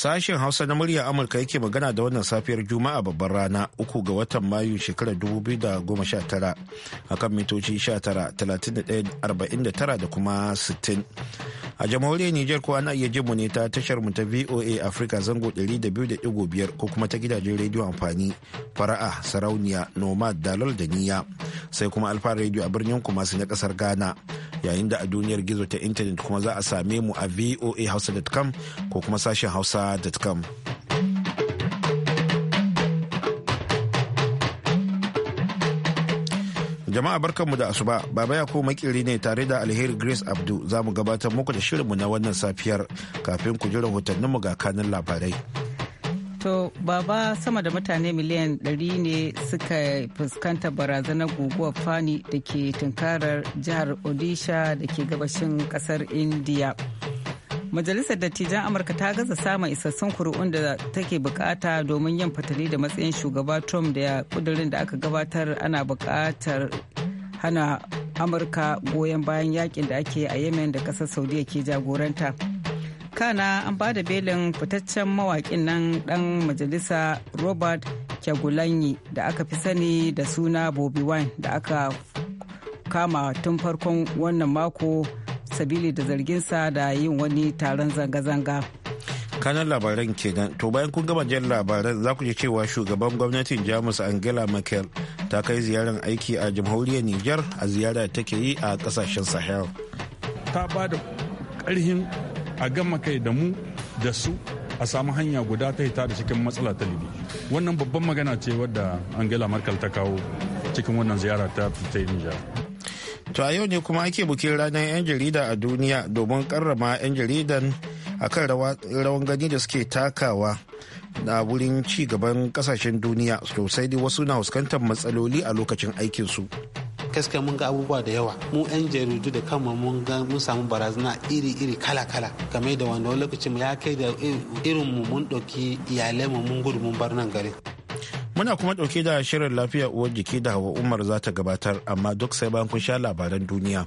Sashen Hausa na murya Amurka yake magana da wannan safiyar Juma'a babbar rana uku ga watan Mayu shekarar 2019 akan mitoci 19, da kuma 60. A jamhuriyar Nijar kuwa na iya jin mu ne ta tashar mu ta VOA afirka zango 200.5 ko kuma ta gidajen rediyo amfani fara'a sarauniya nomad dalol da niya sai kuma alfa rediyo a birnin kumasi na kasar Ghana. yayin da a duniyar gizo ta intanet kuma za a same mu a voahausa.com ko kuma sashen hausa.com. Jama'a barkanmu da asuba, Baba Yako makiri ne tare da Alheri Grace Abdu za mu gabatar muku da shirinmu na wannan safiyar kafin ku ji rahotanninmu ga kanin labarai. To baba sama da mutane miliyan 100 ne suka fuskanta barazanar guguwar fani da ke tunkarar jihar Odisha da ke gabashin kasar India. Majalisar Dattijan Amurka ta gaza samun isassun kuri'un da take bukata domin yin fatali da matsayin shugaba Trump da ya kudurin da aka gabatar ana bukatar hana Amurka goyon bayan yakin da ake a Yemen da kasar Saudiya ke jagoranta. kana an ba da belin fitaccen mawaƙin nan ɗan majalisa robert kyagulanyi da aka fi sani da suna bobi wine da aka kama tun farkon wannan mako sabili da zarginsa da yin wani taron zanga-zanga kanan labaran kenan to bayan kun gama jan labaran za ku ji cewa shugaban gwamnatin jamus angela merkel ta kai ziyarar aiki a jamhuriyar niger a ziyara take yi a kasashen sahel ta ba da karhin a gama kai da mu da su a samu hanya guda ta hita da cikin matsala ta libi wannan babban magana ce wadda angela merkel ta kawo cikin wannan ziyara ta fita nijar to a yau ne kuma ake bukin ranar 'yan jarida a duniya domin karrama 'yan jaridan akan rawan gani da suke takawa na wurin ci gaban kasashen duniya sosai dai wasu na fuskantar matsaloli a lokacin aikinsu. gaskiya mun ga abubuwa da yawa mu 'yan jaridu da kanmu mun ga mun samu barazana iri-iri kala-kala game da wanda wani lokacin ya kai da irin mu mun ɗauki iyalai mu mun gudu mun bar nan gari. Muna kuma dauke da shirin lafiya uwar jiki da Hawa Umar za ta gabatar amma duk sai bayan kun sha labaran duniya.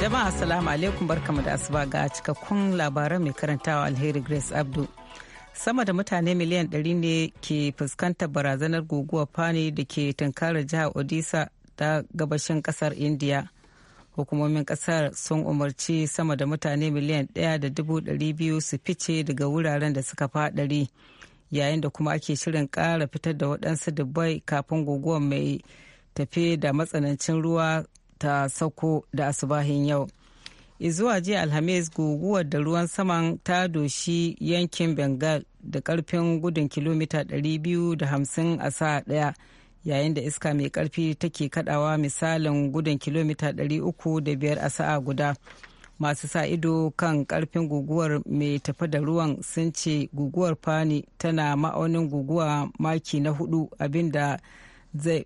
Jama'a assalamu alaikum barkamu da asuba ga cikakkun labaran mai karantawa alheri Grace Abdu. sama da mutane miliyan 100 ne ke fuskantar barazanar guguwar fani da ke tunkarar jihar odisa ta gabashin kasar india hukumomin kasar sun umarci sama da mutane miliyan 1.200 su fice daga wuraren da suka fadari yayin da kuma ake shirin kara fitar da waɗansu dubbai kafin guguwa mai tafe da matsanancin ruwa ta sauko da asubahin yau izuwa jiya alhamis guguwar da ruwan saman ta doshi yankin bengal da karfin gudun kilomita 250 a sa'a daya yayin da iska mai karfi take kadawa misalin gudun kilomita 305 a sa'a guda masu sa ido kan karfin guguwar mai tafi da ruwan sun ce guguwar fani tana ma'aunin guguwa maki na hudu abinda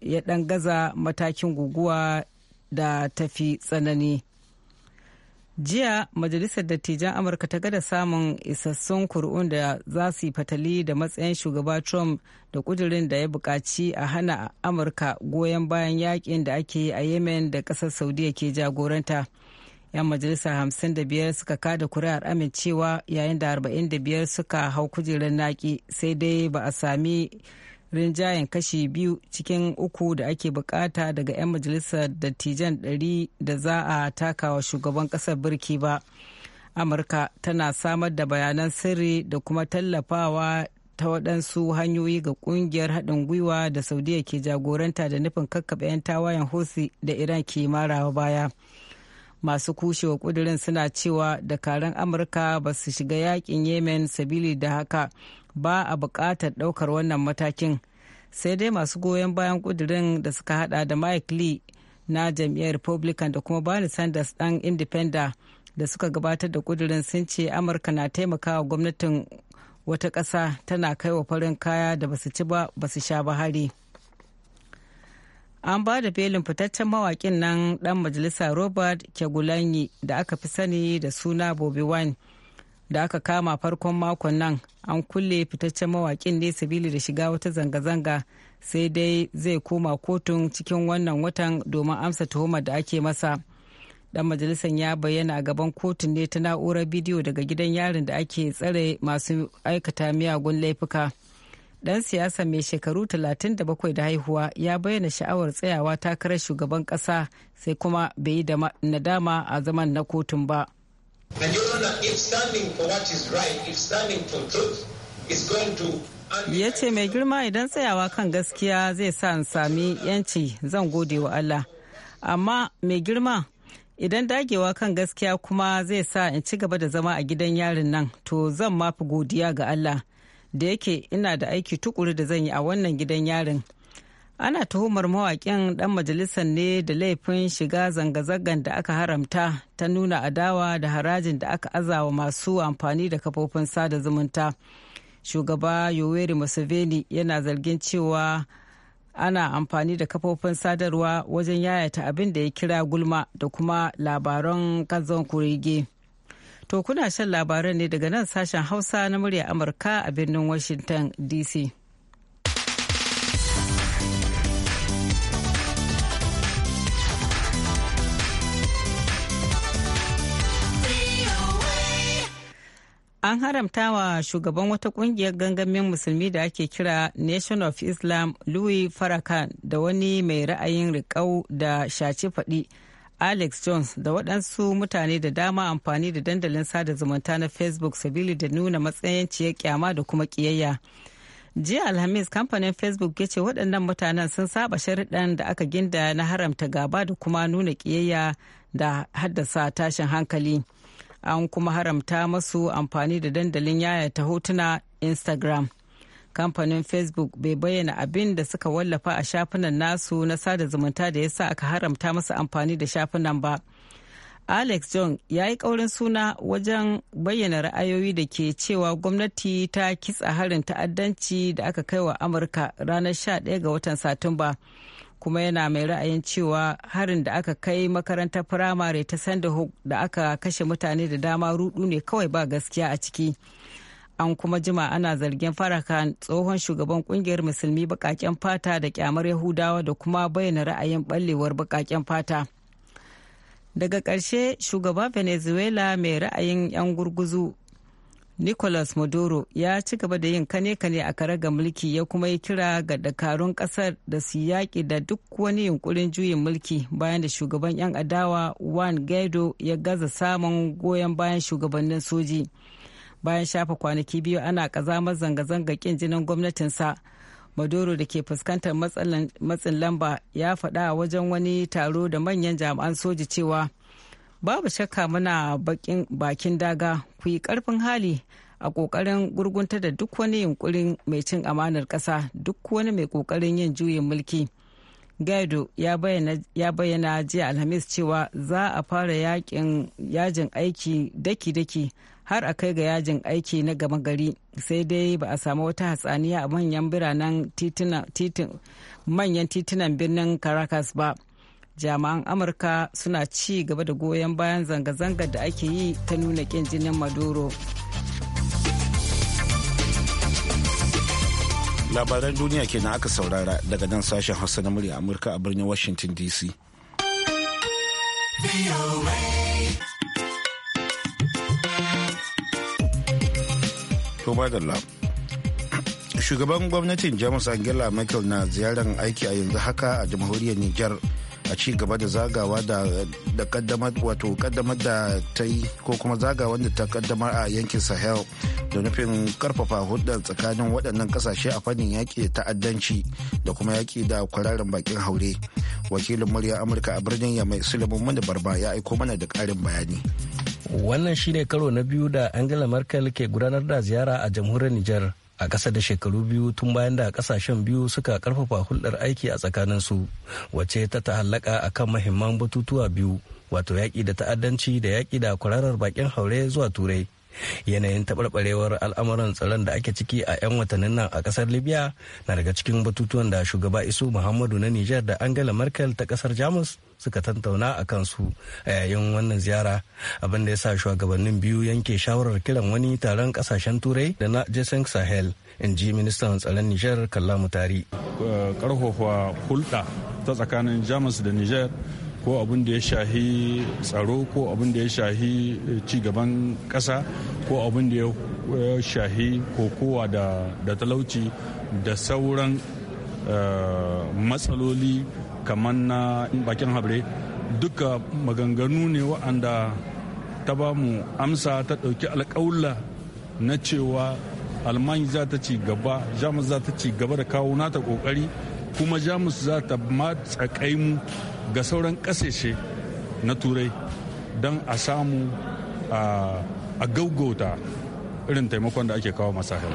ya dan gaza matakin guguwa da tafi tsanani jiya majalisar dattijan amurka ta gada samun isassun kuri'un da za su yi fatali da matsayin shugaba trump da kudurin da ya buƙaci a hana amurka goyon bayan yakin da ake yi a yemen da ƙasar saudiya ke jagoranta 'yan majalisa biyar suka kada kuri'ar amincewa yayin da arba'in da biyar suka hau kujerar naki sai dai ba a sami rinjayen kashi biyu cikin uku da ake bukata daga 'yan majalisar dattijan 100 da za a takawa shugaban kasar birki ba amurka tana samar da bayanan sirri da kuma tallafawa ta waɗansu hanyoyi ga ƙungiyar haɗin gwiwa da saudiya ke jagoranta da nufin kakkaɓe 'yan tawayen hosi da iran ke marawa baya masu kushewa kudirin suna cewa dakaran amurka ba su shiga yakin yemen sabili da haka ba a bukatar daukar wannan matakin sai dai masu goyon bayan kudirin da suka hada da mike lee na jam'iyyar republican da kuma bernie sanders dan independent da suka gabatar da kudirin sun ce amurka na taimakawa gwamnatin wata kasa tana kaiwa farin kaya da basu ci ba basu sha ba hari. an ba da belin fitaccen mawakin nan dan majalisa robert kegulanyi da aka fi sani da suna bobi wine da aka kama farkon makon nan an kulle fitaccen mawakin ne sabili da shiga wata zanga-zanga sai dai zai koma kotun cikin wannan watan domin amsa tuhumar da ake masa dan majalisar ya bayyana a gaban kotun ne ta na'urar bidiyo daga gidan yarin da ake tsare masu aikata miyagun laifuka. dan siyasa mai shekaru 37 da haihuwa ya bayyana sha'awar tsayawa takarar shugaban kasa sai kuma bai yi da nadama a zaman na kotun ba. ya ce mai girma idan tsayawa kan gaskiya zai sa in sami yanci zan gode wa Allah amma mai girma idan dagewa kan gaskiya kuma zai sa in ci gaba da zama a gidan yarin nan to zan mafi godiya ga Allah. da yake ina da aiki tukuru da zan yi a wannan gidan yarin ana tuhumar mawaƙin ɗan majalisar ne da laifin shiga zanga-zangar da aka haramta ta nuna adawa da harajin da aka azawa masu amfani da kafofin sada zumunta shugaba yoweri museveni yana zargin cewa ana amfani da kafofin sadarwa wajen yayata abin da ya kira gulma da kuma labaran kazan kurege To kuna shan labaran ne daga nan sashen Hausa na murya Amurka a birnin Washington DC. An haramta wa shugaban wata kungiyar gangamin musulmi da ake kira Nation of Islam Louis Farrakhan da wani mai ra'ayin riƙau da shaci faɗi. alex jones da waɗansu mutane da dama amfani da dandalin sada zumunta na facebook sabili da nuna matsayin ciye kyama da kuma kiyayya jiya alhamis kamfanin facebook ya ce waɗannan mutanen sun saba sharuɗan da aka ginda na haramta gaba da kuma nuna kiyayya da haddasa tashin hankali an kuma haramta masu amfani da dandalin yaya ta hotuna instagram kamfanin facebook bai bayyana abin da suka wallafa a shafinan nasu na sada zumunta da ya sa aka haramta masa amfani da shafinan ba alex john ya yi kaurin suna wajen bayyana ra'ayoyi da ke cewa gwamnati ta kitsa harin ta'addanci da aka kai wa amurka ranar 11 ga watan satumba kuma yana mai ra'ayin cewa harin da aka kai makarantar firamare ta sandahook da aka kashe mutane da dama rudu ne kawai ba gaskiya a ciki. an kuma jima ana zargin farakan tsohon shugaban kungiyar musulmi bakaken fata da kyamar yahudawa da kuma bayyana ra'ayin ballewar bakaken fata daga ƙarshe shugaban venezuela mai ra'ayin 'yan gurguzu nicolas maduro ya ci gaba da yin kane-kane a kare ga mulki ya kuma yi kira ga dakarun kasar da su yaƙi da duk wani yunkurin juyin mulki bayan da shugaban 'yan adawa juan guaido ya gaza samun goyon bayan shugabannin soji. bayan shafa kwanaki biyu ana kazamar zanga-zanga kin jinin gwamnatinsa maduro da ke fuskantar matsin lamba ya faɗa a wajen wani taro da manyan jami'an soji cewa babu shakka muna bakin daga ku yi karfin hali a kokarin gurgunta da duk wani yunkurin mai cin amanar ƙasa duk wani mai kokarin yin juyin mulki gaido ya bayyana jiya alhamis cewa za a fara yajin aiki daki-daki har a kai ga yajin aiki na gama gari sai dai ba a samu wata hatsaniya a manyan biranen manyan titunan birnin caracas ba jami'an amurka suna ci gaba da goyon bayan zanga-zangar da ake yi ta nuna kin jinin maduro labaran duniya kenan aka saurara daga nan sashen hausa na murya amurka a birnin washington dc To la. Shugaban gwamnatin Jamus Angela Merkel na ziyarar aiki a yanzu haka a jamhuriyar Nijar a ci gaba da zagawa da kaddamar wato kaddamar da ta yi ko kuma zagawa da ta kaddamar a yankin Sahel da nufin karfafa hulɗar tsakanin waɗannan ƙasashe a fannin yaƙi da ta'addanci da kuma yaƙi da kwararren bakin haure. Wakilin murya Amurka a birnin Yamai Suleiman mana Barba ya aiko mana da ƙarin bayani. Wannan shine karo na biyu da Angela Merkel ke gudanar da ziyara a jamhuriyar Nijar a ƙasa da shekaru biyu tun bayan da ƙasashen biyu suka karfafa hulɗar aiki a tsakanin su wacce ta a kan mahimman batutuwa biyu wato yaƙi da ta'addanci da yaƙi da kwararar baƙin haure zuwa turai. yanayin taɓarɓarewar al'amuran tsaron da ake ciki a 'yan watannin nan a ƙasar libya na daga cikin batutuwan da shugaba isu muhammadu na niger da angela merkel ta ƙasar jamus suka tantauna a kansu a yayin wannan ziyara abin da ya sa shugabannin biyu yanke shawarar kiran wani taron ƙasashen turai da na jason sahel in ji ministan tsaron niger kallamu tari karfafa hulɗa ta tsakanin jamus da niger. ko abin da ya shahi tsaro ko abin da ya shahi eh, cigaban ƙasa ko abin da ya shahi kokowa da talauci da sauran eh, matsaloli kamar na bakin habre duka maganganu ne wa'anda ta ba mu amsa ta ɗauki alƙawla na cewa alman za ta ci gaba jamus za ta ci gaba da kawo nata ƙoƙari kuma jamus za ta matsa mu ga sauran kasashe na turai don a samu a gaugauta irin taimakon da ake kawo ma sahel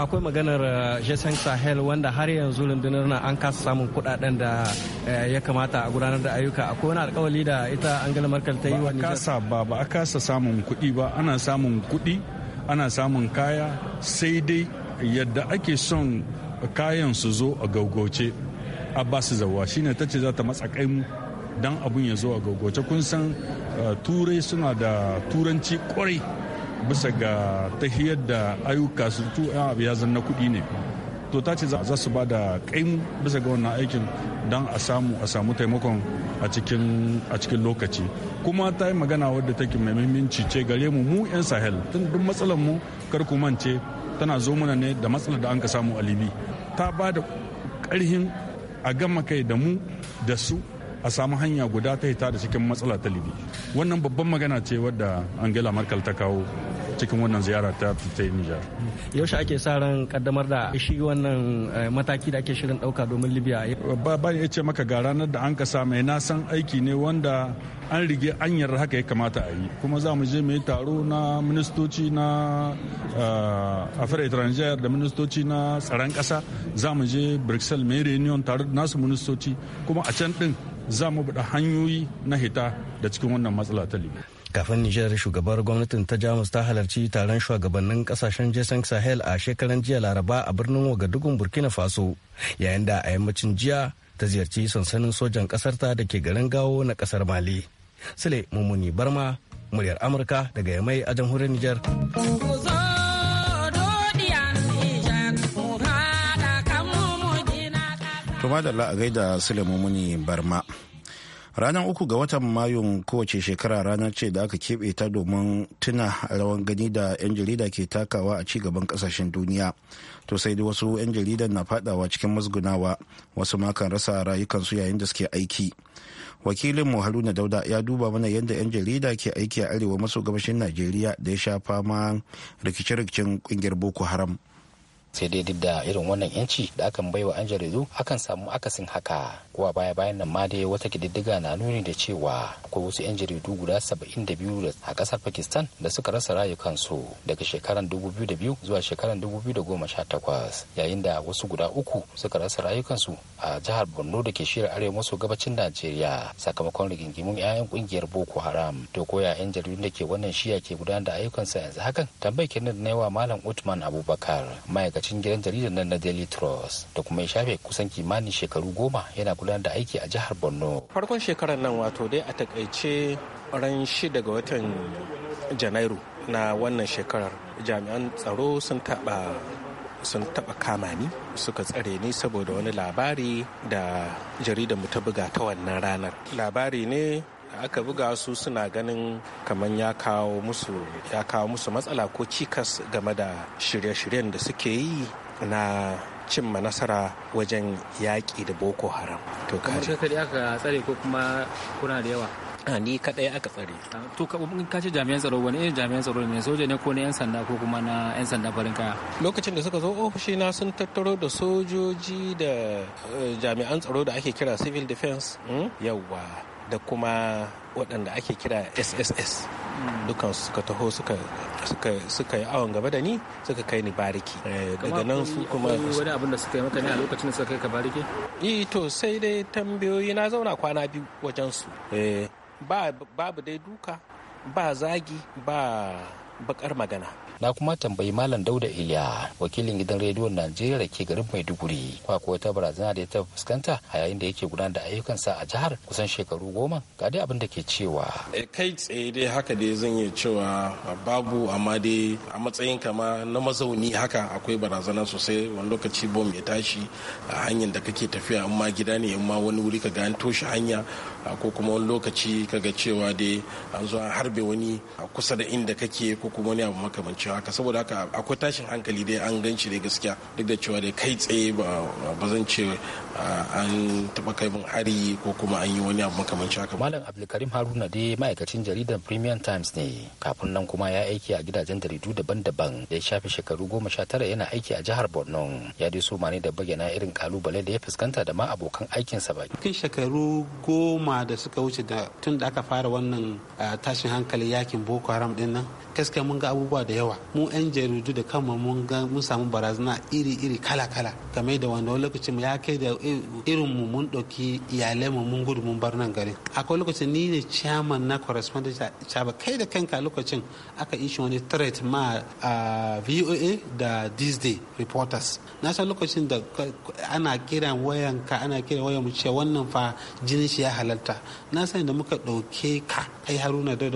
akwai maganar uh, jason sahel wanda har yanzu rundunar na an kasa samun kudaden da uh, ya kamata a gudanar da ayyuka akwai wani alkawali da ita angela merkel ta yi wa kasa ba ba a kasa samun kudi ba ana samun kudi ana samun kaya sai dai yadda ake son kayan su zo a gaugauce abbasu zawa shine ta ce za ta matsa kai don abun ya zo a gaugauce kun san uh, turai suna da turanci kwarai bisa ga tahiyar da ayyuka su abu ah, ya zanna kuɗi ne to ta ce za su ba da kaimu bisa ga wannan aikin don a samu a samu taimakon a cikin lokaci kuma ta yi magana wadda take mai muhimmanci ce gare mu mu 'yan sahel tun duk matsalar mu kar ku mance tana zo mana ne da matsalar da an ka samu a libi ta ba da karhin a gama kai da mu da su a samu hanya guda ta hita da cikin matsala ta libi wannan babban magana ce wadda angela markal ta kawo cikin wannan ziyara ta ta Nijar. Yaushe ake sa ran kaddamar da shi wannan eh, mataki da ake shirin dauka domin Libya. Ba ba ya ce maka ga ranar da an kasa mai na san aiki ne wanda an rige an yarda haka ya kamata a yi kuma za mu je mu taro na ministoci na eh, afirka étrangère da ministoci na tsaron kasa za mu je Bruxelles mai reunion tare da nasu ministoci kuma a can din za mu buɗe hanyoyi na hita da cikin wannan matsala ta Libya. kafin nijar shugabar gwamnatin ta jamus ta halarci taron shugabannin kasashen jason sahel a shekaran jiya laraba a birnin wagadugun burkina faso yayin da a yammacin jiya ta ziyarci sansanin sojan kasarta da ke garin gawo na kasar mali sule mummuni barma muryar amurka daga yamai a jamhuriyar nijar Tuma da la'agai da Mumuni Barma. ranar uku ga watan mayun kowace shekara rana ce da aka keɓe ta domin tuna rawan gani da 'yan jarida ke takawa a cigaban kasashen duniya to sai dai wasu 'yan jaridan na fadawa cikin musgunawa wasu makan rasa rayukansu yayin da suke aiki wakilin mu haruna dauda ya duba mana yadda 'yan jarida ke aiki a arewa maso gabashin najeriya da ya sha fama rikice-rikicen kungiyar boko haram sai dai duk da irin wannan yanci da akan baiwa an jaridu akan samu akasin haka kuwa baya bayan nan ma dai wata kididdiga na nuni da cewa akwai wasu yan jaridu guda saba'in da biyu a kasar pakistan da suka rasa rayukansu daga shekaran 2002 zuwa shekaran 2018 yayin da wasu guda uku suka rasa rayukansu a jihar borno da ke shirin arewa maso gabacin najeriya sakamakon rigingimun 'ya'yan kungiyar boko haram to koya yan jaridu da ke wannan shiya ke gudanar da ayyukansa yanzu hakan tambayar kenan da na yawa malam utman abubakar ma'aikacin ma'aikacin gidan jaridar nan na Daily Trust da kuma ya shafe kusan kimanin shekaru goma yana gudanar da aiki a jihar Borno. Farkon shekarar nan wato dai a takaice ran shi daga watan Janairu na wannan shekarar jami'an tsaro sun taɓa sun taɓa kama ni suka tsare ni saboda wani labari da jaridar mu ta buga ta wannan ranar labari ne aka buga su suna ganin kamar ya kawo musu ya kawo musu matsala ko cikas game da shirye-shiryen da suke yi na cimma nasara wajen yaƙi da boko haram to kadai aka tsare ko kuma kuna da yawa a ni kadai aka tsare to ka kace jami'an tsaro wani irin jami'an tsaro ne soja ne ko ne yan sanda ko kuma na yan sanda farin kaya lokacin da suka zo ofishi na sun tattaro da sojoji da eh, jami'an tsaro da ake kira civil defense hmm? yawa da kuma waɗanda ake kira sss hmm. dukan suka taho suka yi awon gaba da ni suka kai ni bariki eh, eh, daga nan su kuma wani abin da suka yi maka ne a lokacin da suka kai ka bariki yi eh, to sai dai tambayoyi na zauna kwana biyu wajen su babu dai duka ba zagi ba bakar magana na kuma tambayi malam dauda iliya wakilin gidan rediyon najeriya da ke garin maiduguri kwa kuwa ta barazana da ya ta fuskanta a yayin da yake gudanar da ayyukansa a jihar kusan shekaru goma ga dai abin da ke cewa e, kai tsaye dai haka dai zan iya cewa babu amma dai a matsayin kama na mazauni haka akwai barazana sosai wani lokaci bom ya tashi a hanyar da kake tafiya in ma gida ne in ma wani wuri ka ga an toshe hanya ko kuma wani lokaci ka ga cewa dai an zo an harbe wani a kusa da inda kake ko kuma wani abu makamancin cewa haka saboda haka akwai tashin hankali dai an ganci dai gaskiya duk da cewa dai kai tsaye ba zan ce an taba kai mun hari ko kuma an yi wani abu makamancin haka malam abdulkarim haruna dai ma'aikacin jaridar premium times ne kafin nan kuma ya aiki a gidajen jaridu daban-daban da ya shafi shekaru goma sha tara yana aiki a jihar borno ya dai so ne da bayyana irin kalubale da ya fuskanta da ma abokan aikinsa ba kai shekaru goma da suka wuce da tun da aka fara wannan tashin hankali yakin boko haram din nan gaskiya mun ga abubuwa da yawa mu 'yan jaridu da kanmu mun ga mun samu barazana iri-iri kala-kala game da wanda wani lokacin ya kai da irin mu mun ɗauki iyalai mu mun gudu mun bar nan gari akwai lokacin ni ne chairman na correspondent chaba kai da kanka lokacin aka ishi wani threat ma a VOA da this day reporters na san lokacin da ana kira wayan ka ana kira wayan mu ce wannan fa jinin shi ya halarta na san da muka ɗauke ka kai haruna da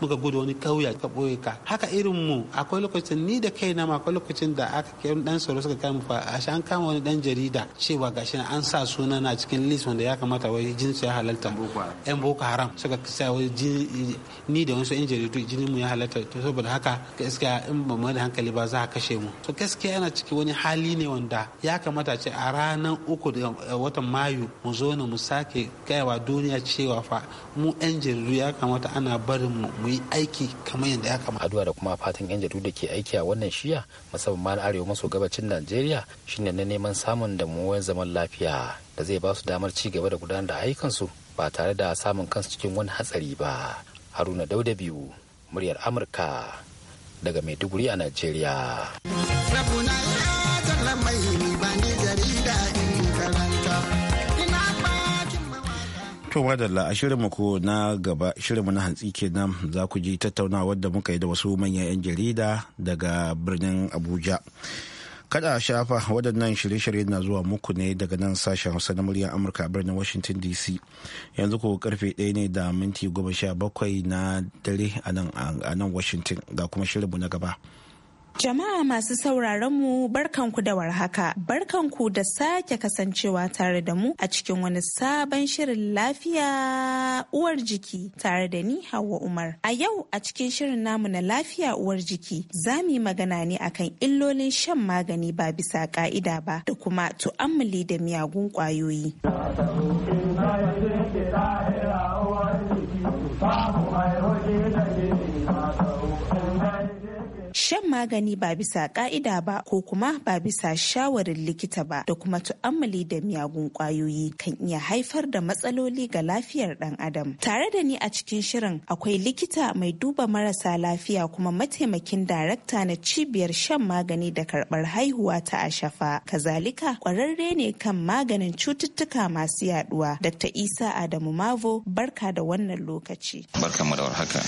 muka gudu wani kauya ka ɓoye ka haka irin mu akwai lokacin ni da kai na akwai lokacin da aka kai dan tsaro suka kai mu fa a an kama wani dan jarida cewa gashi an sa suna na cikin list wanda ya kamata wai jinsu ya halalta yan boko haram suka sa wai ni da wasu yan jaridu jinin mu ya halalta to saboda haka gaskiya in ba mu da hankali ba za a kashe mu to gaskiya yana cikin wani hali ne wanda ya kamata ce a ranar uku da eh, watan mayu mu zo ne mu sake kaiwa duniya cewa fa mu yan jaridu ya kamata ana barin mu mu yi aiki kamar yadda ya kamata addu'a da kuma fatan 'yan jaridu da ke aiki a wannan shiya musamman na arewa maso gabacin najeriya shine na neman samun damuwar zaman lafiya da zai ba su damar ci gaba da gudanar da ayyukansu ba tare da samun kansu cikin wani hatsari ba haruna dauda biyu muryar amurka daga maiduguri a najeriya ya To madalla a shirinmu ko na gaba shirinmu na hantsi kenan za ku ji tattaunawar wadda muka yi da wasu manyan 'yan jarida daga birnin Abuja. Kada a shafa waɗannan shirye shiryen na zuwa muku ne daga nan sashen Hausa na muryar Amurka birnin Washington DC. Yanzu ko karfe ɗaya ne da minti goma sha bakwai na dare a nan Washington ga kuma shirinmu na gaba. Jama'a masu sauraron mu barkanku da warhaka, barkanku da sake kasancewa tare da mu a cikin wani sabon shirin lafiya uwar jiki tare da ni Hauwa Umar. A yau a cikin shirin namu na lafiya uwar jiki za yi magana ne akan illolin shan magani ba bisa ka'ida ba da kuma tu'ammali da miyagun ƙwayoyi. shan magani ba bisa ka'ida ba ko kuma ba bisa shawarin likita ba da kuma tu'ammali da miyagun kwayoyi kan iya haifar da matsaloli ga lafiyar dan adam tare da ni a cikin shirin akwai likita mai duba marasa lafiya kuma mataimakin darakta na cibiyar shan magani da karbar haihuwa ta ashafa kazalika kwararre ne kan maganin cututtuka masu yaduwa dr isa adamu mavo barka da wannan lokaci barka mu da warhaka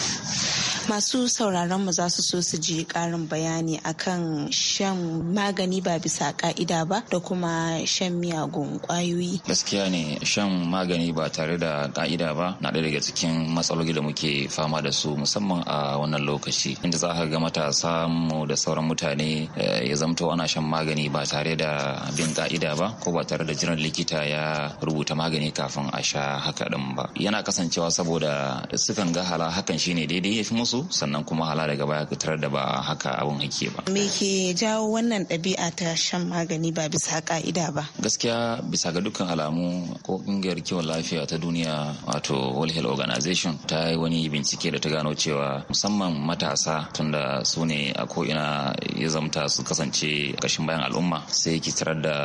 masu sauraron mu za su so su ji karin bayani akan shan magani ba bisa ka'ida ba da kuma shan miyagun kwayoyi gaskiya ne shan magani ba tare da ka'ida ba na ɗaya daga cikin matsaloli da muke fama da su musamman a wannan lokaci inda za ka ga matasa mu da sauran mutane eh, ya zamto ana shan magani ba tare da bin ka'ida ba ko ba tare da jiran likita ya rubuta magani kafin a sha haka ɗin ba yana kasancewa saboda sukan ga hala hakan shine daidai ya fi musu su sannan kuma hala daga baya ka tarar da ba haka abin hake ba. Me ke jawo wannan ɗabi'a ta shan magani ba bisa ka'ida ba? Gaskiya bisa ga dukkan alamu ko ƙungiyar kiwon lafiya ta duniya wato World Health Organization ta yi wani bincike da ta gano cewa musamman matasa tunda su ne a ko'ina ya zamta su kasance kashin bayan al'umma sai ki tarar da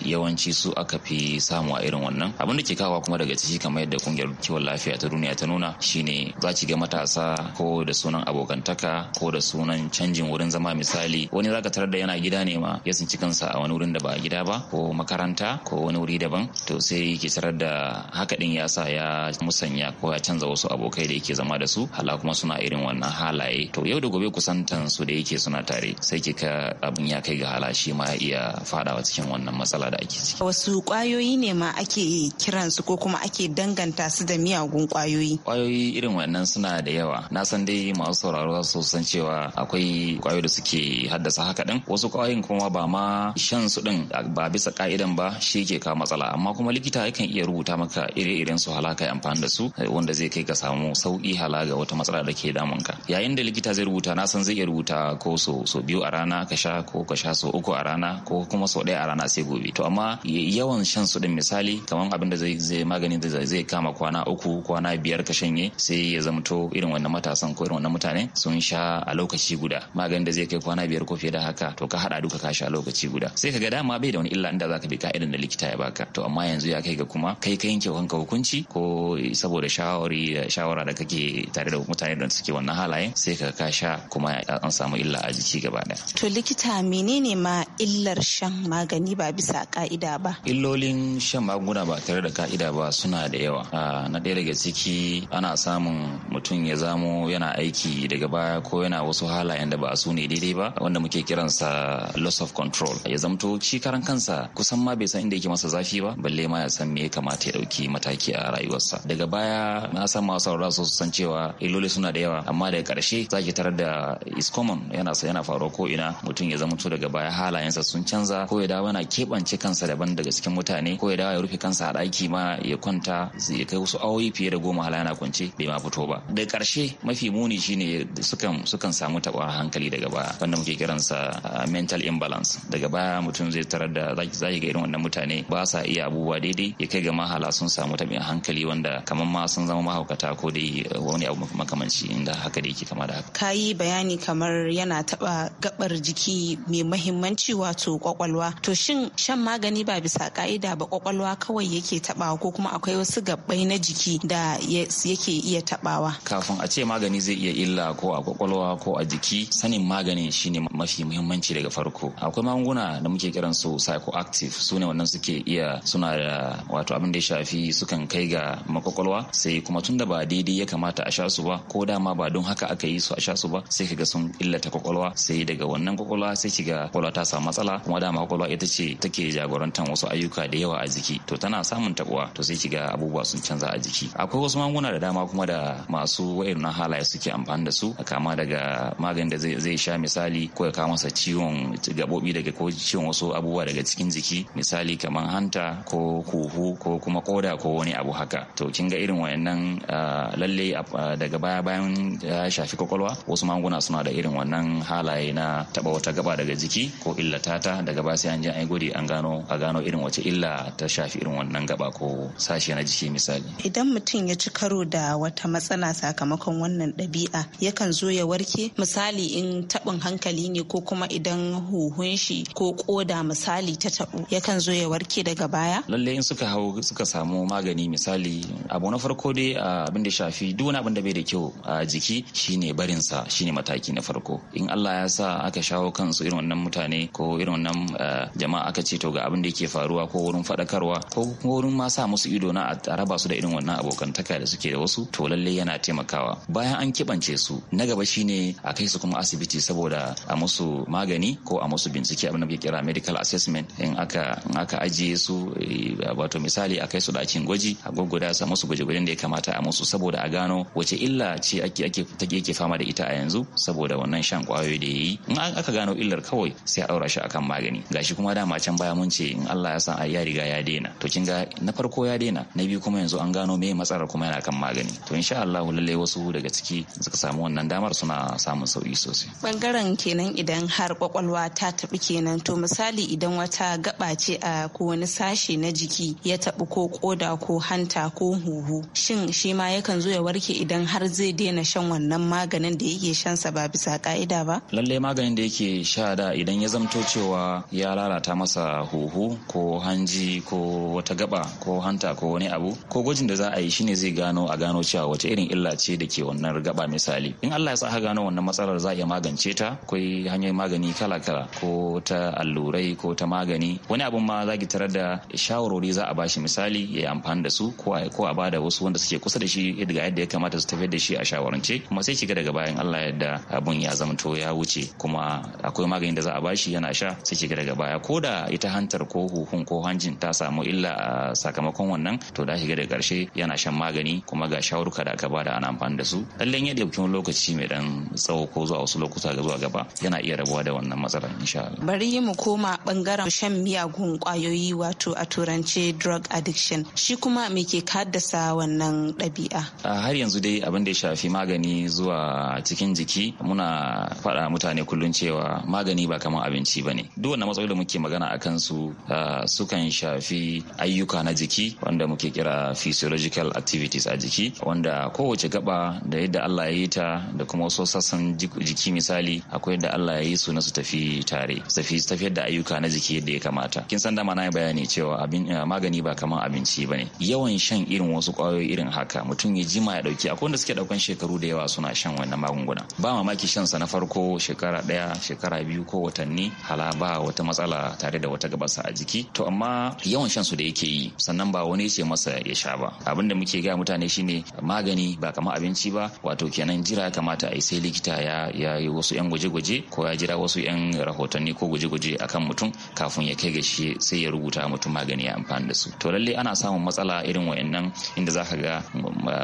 yawanci su aka fi samu a irin wannan abin da ke kawo kuma daga ciki kamar yadda ƙungiyar kiwon lafiya ta duniya ta nuna shine za ki ga matasa ko da sunan abokantaka ko da sunan canjin wurin zama misali wani zaka tarar da yana gida ne ma ya tsinci kansa a wani wurin da ba gida ba ko makaranta ko wani wuri daban to sai ke tarar da haka din ya sa ya musanya ko ya canza wasu abokai da yake zama da su hala kuma suna irin wannan halaye to yau da gobe kusantan su da yake suna tare sai ki ka abin ya kai ga hala shi ma ya iya fadawa cikin wannan matsala da ake ciki wasu kwayoyi ne ma ake kiransu ko kuma ake danganta su da miyagun kwayoyi kwayoyi irin wannan suna da yawa na san dai masu sauraro za su san cewa akwai kwayoyi da suke haddasa haka din wasu kwayoyin kuma ba ma shan su din ba bisa ka'idan ba shi ke kawo matsala amma kuma likita yakan iya rubuta maka ire-iren su halaka amfani da su wanda zai kai ka samu sauki hala ga wata matsala da ke damun ka yayin da likita zai rubuta na san zai iya rubuta ko so so biyu a rana ka sha ko ka sha so uku a rana ko kuma so ɗaya a rana sai gobe to amma yawan shan su din misali kamar abin da zai zai magani da zai kama kwana uku kwana biyar ka shanye sai ya zamto irin wannan matasan ko irin wannan mutane sun sha a lokaci guda maganin da zai kai kwana biyar ko fiye da haka to ka hada duka ka sha a lokaci guda sai ka ga dama bai da wani illa inda zaka bi ka'idan da likita ya baka to amma yanzu ya kai ga kuma kai ka yanke kanka hukunci ko saboda shawari shawara da kake tare da mutane da suke wannan halaye sai ka ka sha kuma an samu illa a jiki gaba daya to likita menene ma illar shan magani ba bisa ka'ida ba illolin shan magunguna ba tare da ka'ida ba suna da yawa ah, na ɗaya daga ciki ana samun mutum ya zamo yana aiki aiki daga baya ko yana wasu halayen da ba su ne daidai ba wanda muke kiransa loss of control ya zamto shi karan kansa kusan ma bai san inda yake masa zafi ba balle ma ya san me ya kamata ya dauki mataki a rayuwarsa daga baya na san masu saurara su san cewa iloli suna da yawa amma daga karshe zaki tarar da is common yana yana faruwa ko ina mutum ya zamto daga baya halayensa sun canza ko ya dawo yana keɓance kansa daban daga cikin mutane ko ya dawo ya rufe kansa a ɗaki ma ya kwanta ya kai wasu awoyi fiye da goma hala yana kwance bai ma fito ba daga karshe mafi muni shi ne sukan samu taɓa hankali daga baya wanda muke kiransa ah, mental imbalance daga baya mutum zai tarar da zaki ga irin wannan mutane ba sa iya abubuwa daidai ya kai ga mahala sun samu taɓa hankali wanda kamar ma sun zama mahaukata ko dai eh, wani abu makamanci inda haka da yake kama da haka kayi bayani kamar yana taɓa gabar jiki mai mahimmanci wato kwakwalwa to shin shan magani ba bisa ka'ida ba kwakwalwa kawai yake taɓa ko kuma akwai wasu gabbai na jiki da yake iya taɓawa kafin a ce magani zai iya iya illa ko a kwakwalwa ko a jiki sanin maganin shine mafi muhimmanci daga farko akwai magunguna da muke kiran su psychoactive su ne wannan suke iya suna da wato abin da ya shafi sukan kai ga makwakwalwa sai kuma tunda ba daidai ya kamata a sha su ba ko dama ba don haka aka yi su a sha su ba sai kaga sun illata kwakwalwa sai daga wannan kwakwalwa sai kiga kwakwalwa ta samu matsala kuma dama kwakwalwa ita ce take jagorantar wasu ayyuka da yawa a jiki to tana samun tabuwa to sai kiga abubuwa sun canza a jiki akwai wasu magunguna da dama kuma da masu wayannan halaye suke ake amfani da su a kama daga maganin da zai sha misali ko ya kawo masa ciwon gabobi daga ko ciwon wasu abubuwa daga cikin jiki misali kamar hanta ko huhu ko kuma koda ko wani abu haka to kin ga irin wayannan lalle daga baya bayan ya shafi kwakwalwa wasu magunguna suna da irin wannan halaye na taba wata gaba daga jiki ko illata ta daga ba sai an je an yi an gano a gano irin wace illa ta shafi irin wannan gaba ko sashe na jiki misali idan mutum ya ci karo da wata matsala sakamakon wannan ɗabi ɗabi'a yakan zo ya warke misali in taɓin hankali ne ko kuma idan huhun shi ko koda misali ta taɓu yakan zo ya warke daga baya lalle in suka hau suka samu magani misali abu na farko dai abin da shafi duk wani abin da bai da kyau a jiki shine barinsa shine mataki na farko in Allah ya sa aka shawo kansu irin wannan mutane ko irin wannan jama'a aka ce to ga abin da yake faruwa ko wurin faɗakarwa ko wurin ma sa musu ido na a raba su da irin wannan abokantaka da suke da wasu to lalle yana taimakawa bayan an keɓance su na gaba shine a kai su kuma asibiti saboda a musu magani ko a musu bincike abin da muke kira medical assessment in aka in aka ajiye su eh, wato misali a kai su ɗakin gwaji a gwaggwada su musu gwaje-gwajen da ya kamata a musu saboda a gano wace illa ce ake ake take fama da ita a yanzu saboda wannan shan kwayoyi da yayi in aka gano illar kawai sai a daura shi akan magani gashi kuma dama can baya mun ce in Allah ya san ai ya riga ya daina to kin ga na farko ya daina na biyu kuma yanzu an gano me matsalar kuma yana kan magani to insha Allah lalle wasu daga ciki suka samu wannan damar suna samun sauki sosai bangaren kenan idan har kwakwalwa ta taɓi kenan to misali idan wata gaba ce a ko wani sashe na jiki ya taɓi ko koda ko hanta ko huhu shin shi ma yakan zo ya warke idan har zai daina shan wannan maganin da yake shansa ba bisa ka'ida ba lalle maganin da yake sha da idan ya zamto cewa ya lalata masa huhu ko hanji ko wata gaba ko hanta ko wani abu ko gwajin da za a yi shine zai gano a gano cewa wace irin illa ce da ke wannan gaba misali in Allah ya sa aka gano wannan matsalar za a iya magance ta akwai hanyoyin magani kala-kala ko ta allurai ko ta magani wani abun ma za ki tarar da shawarwari za a bashi misali ya yi amfani da su ko a bada wasu wanda suke kusa da shi daga yadda ya kamata su tafiyar da shi a shawarance kuma sai kiga daga bayan Allah yadda abun ya zamto ya wuce kuma akwai magani da za a bashi yana sha sai kiga daga baya ko da ita hantar ko huhun ko hanjin ta samu illa a sakamakon wannan to da shiga daga karshe yana shan magani kuma ga shawarka da aka bada ana amfani da su kila cikin lokaci mai dan tsawo ko zuwa wasu lokuta ga zuwa gaba yana iya rabuwa da wannan matsalar insha Allah bari mu koma bangaren shan miyagun kwayoyi wato a turance drug addiction shi kuma me ke haddasa wannan ɗabi'a har yanzu dai abin da ya shafi magani zuwa cikin jiki muna faɗa mutane kullum cewa magani ba kamar abinci ba ne duk wannan matsaloli da muke magana a kansu sukan shafi ayyuka na jiki wanda muke kira physiological activities a jiki wanda kowace gaba da yadda Allah Allah yi ta da kuma wasu sassan jiki misali akwai da Allah ya yi su na su tafi tare su tafi tafiyar da ayyuka na jiki yadda ya kamata kin san dama na yi bayani cewa abin eh, magani ba kamar abinci bane yawan shan irin wasu kwayoyi irin haka mutum ya jima ya dauki akwai wanda suke daukan shekaru da yawa suna shan wannan magunguna ba mamaki shan sa na farko shekara daya shekara biyu ko watanni hala ba wata matsala tare da wata gabasa a jiki to amma yawan shan su da yake yi sannan ba wani ce masa ya sha ba abinda muke ga mutane shine magani ba kamar abinci ba wato kenan jira ya kamata a yi sai likita ya yi wasu 'yan gwaje-gwaje ko ya jira wasu 'yan rahotanni ko gwaje-gwaje akan mutum kafin ya kai ga shi sai ya rubuta mutum magani ya amfani da su to lalle ana samun matsala irin wayannan inda zaka ga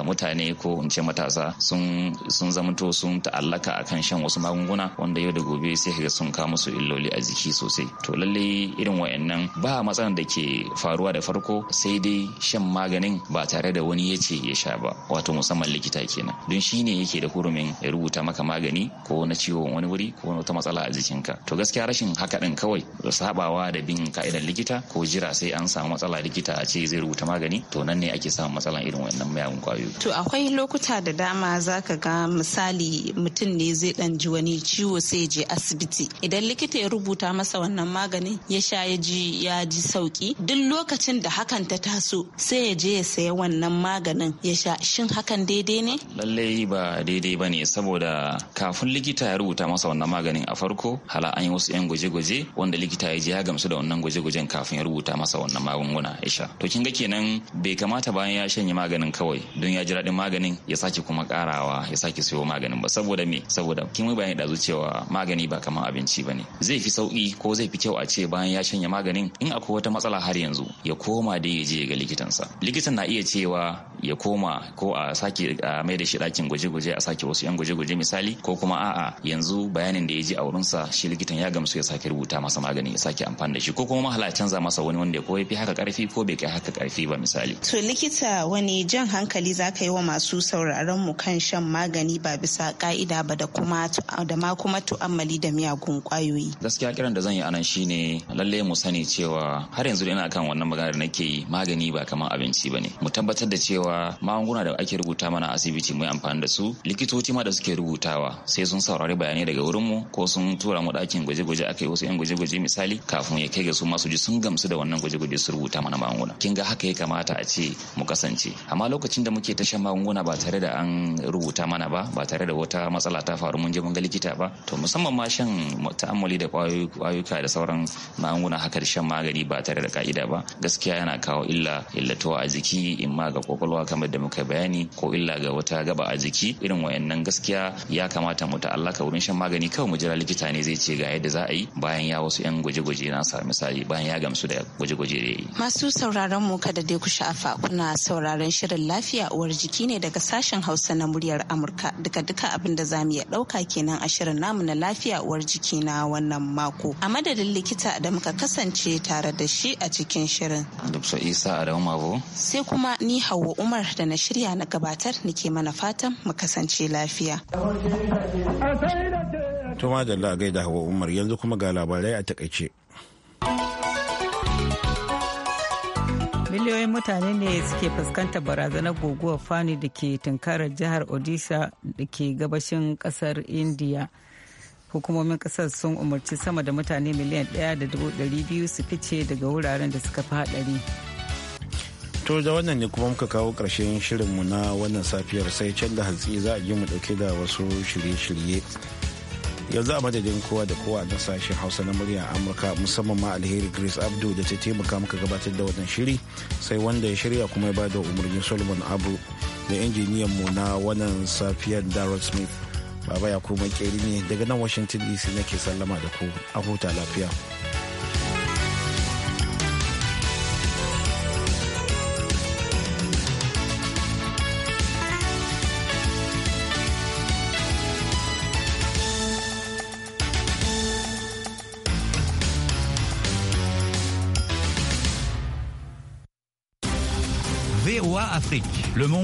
mutane ko in ce matasa sun sun zamanto sun ta'allaka akan shan wasu magunguna wanda yau da gobe sai ka ga sun kawo musu illoli a jiki sosai to lalle irin wayannan ba matsalan da ke faruwa da farko sai dai shan maganin ba tare da wani ya ce ya sha ba wato musamman likita kenan don shi ne. ne yake da hurumin ya rubuta maka magani ko na ciwon wani wuri ko wata matsala a jikinka to gaskiya rashin haka din kawai sabawa da bin ka'idar likita ko jira sai an samu matsala likita a ce zai rubuta magani to nan ne ake samun matsalan irin wannan mayagun kwayoyi to akwai lokuta da dama zaka ga misali mutum ne zai dan ji wani ciwo sai je asibiti idan likita ya rubuta masa wannan maganin ya sha ya ji ya ji sauki duk lokacin da hakan ta taso sai ya je ya saya wannan maganin ya sha shin hakan daidai ne lallai ba daidai ba ne saboda kafin likita ya rubuta masa wannan maganin a farko hala an yi wasu 'yan gwaje-gwaje wanda likita ya je ya gamsu da wannan gwaje-gwajen kafin ya rubuta masa wannan magunguna ya sha to kin ga kenan bai kamata bayan ya shanye maganin kawai don ya ji daɗin maganin ya sake kuma karawa ya sake sayo maganin ba saboda me saboda kin mai bayani da cewa magani ba kamar abinci ba ne zai fi sauki ko zai fi kyau a ce bayan ya shanye maganin in akwai wata matsala har yanzu ya koma da ya je ga likitansa likitan na iya cewa ya koma ko a sake a mai da shi ɗakin gwaje-gwaje a sake wasu 'yan gwaje-gwaje misali ko kuma a'a yanzu bayanin da ya ji a wurinsa shi likitan ya gamsu ya sake rubuta masa magani ya sake amfani da shi ko kuma mahala canza masa wani wanda ko ya fi haka karfi ko bai kai haka karfi ba misali. To likita wani jan hankali za ka yi wa masu sauraron mu kan shan magani ba bisa ka'ida ba da kuma da ma kuma tu'ammali da miyagun kwayoyi. Gaskiya kiran da zan yi anan shine lalle mu sani cewa har yanzu ina kan wannan magana da nake yi magani ba kamar abinci ba ne Mu tabbatar da cewa cewa magunguna da ake rubuta mana asibiti mai amfani da su likitoci ma da suke rubutawa sai sun saurari bayanai daga wurin mu ko sun tura mu dakin gwaje-gwaje akai wasu yan gwaje-gwaje misali kafin ya kai ga su masu ji sun gamsu da wannan gwaje-gwaje su rubuta mana magunguna kin ga haka ya kamata a ce mu kasance amma lokacin da muke ta shan magunguna ba tare da an rubuta mana ba ba tare da wata matsala ta faru mun je mun ga likita ba to musamman ma shan ta'ammuli da kwayuka da sauran magunguna haka da shan magani ba tare da ka'ida ba gaskiya yana kawo illa illatuwa a jiki in ma ga kwakwalwa cutarwa kamar da muka bayani ko illa ga wata gaba a jiki irin wayannan gaskiya ya kamata mu ta'allaka wurin shan magani kawai mu jira likita ne zai ce ga yadda za a yi bayan ya wasu yan gwaje-gwaje na sa misali bayan ya gamsu da gwaje-gwaje da yi. Masu sauraron mu kada dai ku sha'afa kuna sauraron shirin lafiya uwar jiki ne daga sashen Hausa na muryar Amurka duka-duka abin da za mu iya ɗauka kenan a shirin namu na lafiya uwar jiki na wannan mako. A madadin likita da muka kasance tare da shi a cikin shirin. Dr. Isa Adamu Mabo. Sai kuma ni Hauwa Umar da na shirya na gabatar nake mana fatan mu kasance lafiya. Tuma da lagai da hawa Umar yanzu kuma ga labarai a takaice. Miliyoyin mutane ne suke fuskantar barazanar guguwar fani da ke tunkarar jihar Odisha da ke gabashin kasar India. hukumomin kasar sun umarci sama da mutane miliyan 1.200 su fice daga wuraren da suka fi haɗari. to da wannan ne kuma muka kawo ƙarshen shirinmu na wannan safiyar sai can da hatsi za a ji mu ɗauke da wasu shirye-shirye yanzu a madadin kowa da kowa a sashen hausa na murya amurka musamman ma alheri grace abdu da ta taimaka muka gabatar da wannan shiri sai wanda ya shirya kuma ya bada umarni solomon abu da injiniyan mu na wannan safiyar darrell smith baba ya kuma keri ne daga nan washington dc nake sallama da ku a huta lafiya Afrique. Le monde